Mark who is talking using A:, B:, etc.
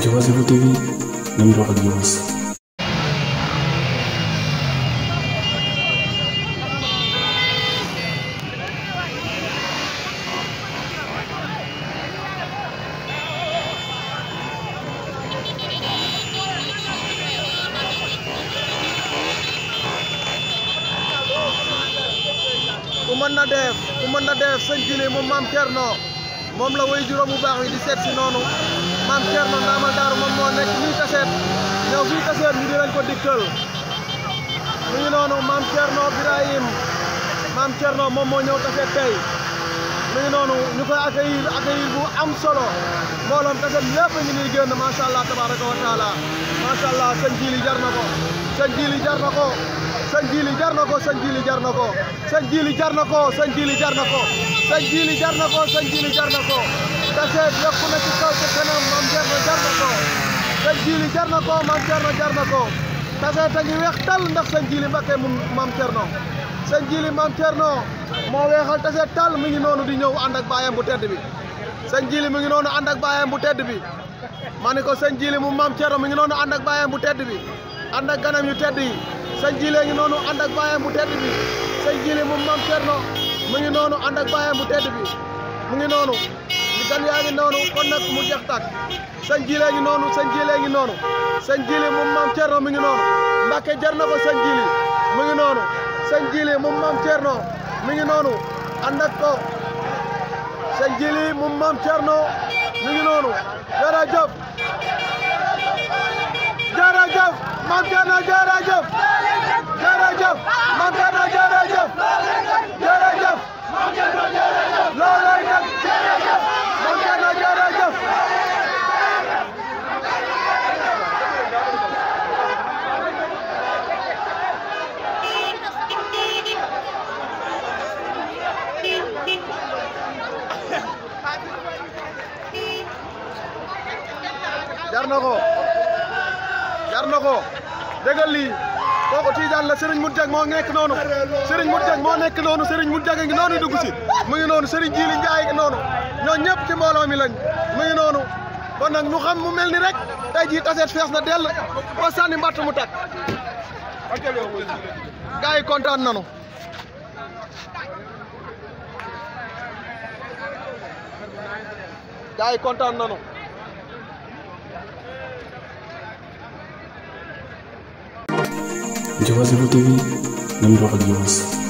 A: Jawa Zero TV dan Global News. ku mën na def ku mën na def sëñ Jili moom maam Thierno moom la way juróom bu baax wi di seet si noonu maam Thierno Ndamal Daaru moom moo nekk nii kaseet ñëw fii kaseet ñu dinañ ko dikkal mu ngi noonu maam Thierno Birahim maam Thierno moom moo ñëw kaseet tey mu ngi noonu ñu koy accueillir accueillir bu am solo mbooloom kaseet lépp ñu ngi génn macha tabaraka wa taala macha jar na ko sëñ jar na ko sëñ jar na ko sëñ jar na ko sëñ jar na ko sëñ jar na ko sëñ yokku na ci kaw ci kanam jiili jar na ko maam Cerno jar na ko kaseet a ngi weex tal ndax sëñ jiili Mbàkke mu maam Cerno sëñ jiili maam Cerno moo weexal taseet tal mi ngi noonu di ñëw ànd ak bu tedd bi sëñ jiili mi ngi noonu ànd ak baayam bu tedd bi ma ne ko sëñ jiili mu maam mi ngi noonu ànd ak baayam bu tedd bi ànd ak ganam yu tedd yi sëñ jiili ngi noonu ànd ak bu tedd bi sëñ jiili mu maam Cerno mi ngi noonu ànd ak bu tedd mu ngi noonu gan yaa ngi noonu kon nag mu jeex tàkk sëñ jile ngi noonu sëñ jile ngi noonu sëñ jile moom maam Thierno mi ngi noonu Mbàkke jar na ko sëñ jili ngi noonu sëñ jili moom maam Thierno mi ngi noonu ànd ko sëñ jili moom maam Thierno mi ngi noonu jërëjëf jar na ko jar na ko déggal lii kooku Tidiane la Serigne Moundiak moo nekk noonu Serigne Moundiak moo nekk noonu Serigne Moundiak a ngi noonu dugg si mu ngi noonu Serigne Djili Ndiaye ngi noonu ñoo ñëpp ci mbooloo mi lañ mu ngi noonu kon nag ñu xam mu mel ni rek tey jii taseet fees na dell ba sànni mbatt mu tàkk gars yi kontaan nanu gars yi kontaan nanu Njogoze TV na Miro Audios.